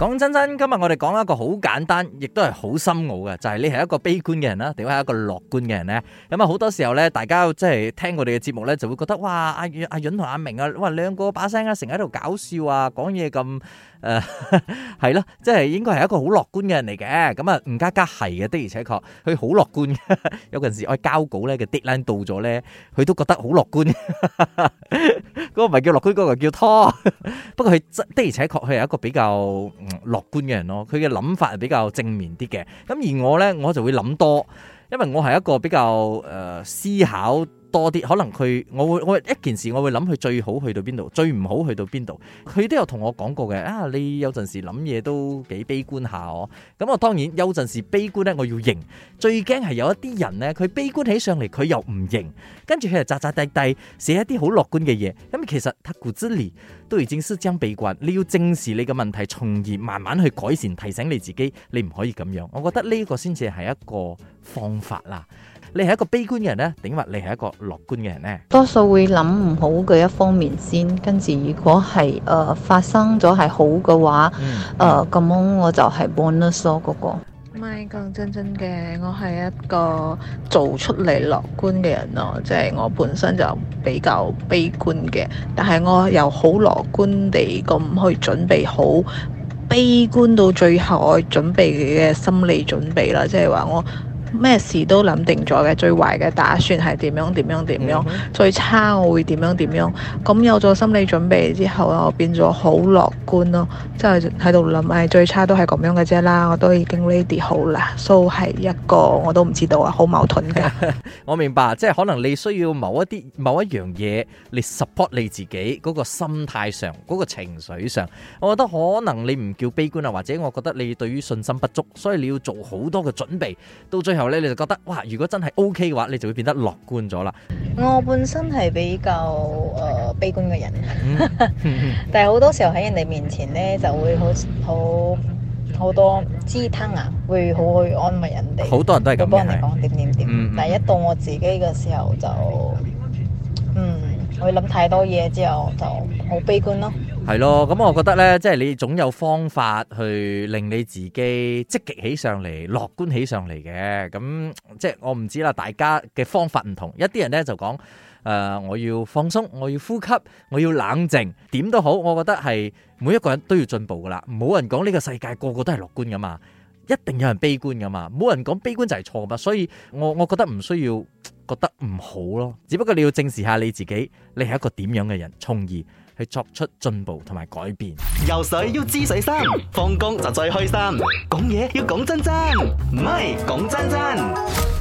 講真真，今日我哋講一個好簡單，亦都係好深奧嘅，就係、是、你係一個悲觀嘅人啦，定係一個樂觀嘅人呢？咁啊，好多時候咧，大家即係聽我哋嘅節目咧，就會覺得哇，阿阿潤同阿明啊，哇，兩個把聲啊，成日喺度搞笑啊，講嘢咁誒，係、呃、啦，即係、就是、應該係一個好樂觀嘅人嚟嘅。咁、嗯、啊，吳家家係嘅，的而且確，佢好樂觀。有陣時我交稿咧嘅 deadline 到咗咧，佢都覺得好樂觀， 觀。嗰個唔係叫樂觀，嗰個叫拖。 不過佢的而且確，佢係一個比較。樂觀嘅人咯，佢嘅諗法係比較正面啲嘅，咁而我咧，我就會諗多，因為我係一個比較誒、呃、思考。多啲，可能佢我會我一件事我會諗佢最好去到邊度，最唔好去到邊度。佢都有同我講過嘅啊，你有陣時諗嘢都幾悲觀下、啊、哦。咁我、啊、當然有陣時悲觀呢，我要認。最驚係有一啲人呢，佢悲觀起上嚟，佢又唔認，跟住佢又扎扎低低寫一啲好樂觀嘅嘢。咁其實佢骨子裡都已經是將悲觀，你要正視你嘅問題，從而慢慢去改善，提醒你自己，你唔可以咁樣。我覺得呢個先至係一個方法啦、啊。你係一個悲觀嘅人咧，定或你係一個樂觀嘅人咧？多數會諗唔好嘅一方面先，跟住如果係誒、呃、發生咗係好嘅話，誒咁我就係 balance 嗰個，唔係咁真真嘅，我係一個做出嚟樂觀嘅人咯，即係我本身就比較悲觀嘅，但係我又好樂觀地咁去準備好悲觀到最後我準備嘅心理準備啦，即係話我。咩事都諗定咗嘅，最壞嘅打算係點樣點樣點樣，嗯、哼最差我會點樣點樣，咁有咗心理準備之後，咧，我變咗好樂觀咯，即係喺度諗，誒，最差都係咁樣嘅啫啦，我都已經 ready 好啦。So 係一個我都唔知道啊，好矛盾嘅。 我明白，即係可能你需要某一啲某一樣嘢你 support 你自己嗰個心態上嗰、嗰個情緒上。我覺得可能你唔叫悲觀啊，或者我覺得你對於信心不足，所以你要做好多嘅準備到最後，後咧你就覺得哇，如果真係 OK 嘅話，你就會變得樂觀咗啦。我本身係比較誒、呃、悲觀嘅人， 但係好多時候喺人哋面前咧就會好好好多支撐啊，會好去安慰人哋。好多人都係咁，幫人哋講的點點點。嗯嗯，但係一到我自己嘅時候就。我諗太多嘢之後就好悲觀咯。係咯，咁、嗯、我覺得咧，即係你總有方法去令你自己積極起上嚟、樂觀起上嚟嘅。咁、嗯、即係我唔知啦，大家嘅方法唔同，一啲人咧就講誒、呃，我要放鬆，我要呼吸，我要冷靜，點都好，我覺得係每一個人都要進步噶啦。冇人講呢個世界個個都係樂觀噶嘛，一定有人悲觀噶嘛。冇人講悲觀就係錯噶嘛，所以我我覺得唔需要。覺得唔好咯，只不過你要正視下你自己，你係一個點樣嘅人，從而去作出進步同埋改變。游水要知水深，放工就最開心。講嘢要講真真，唔係講真真。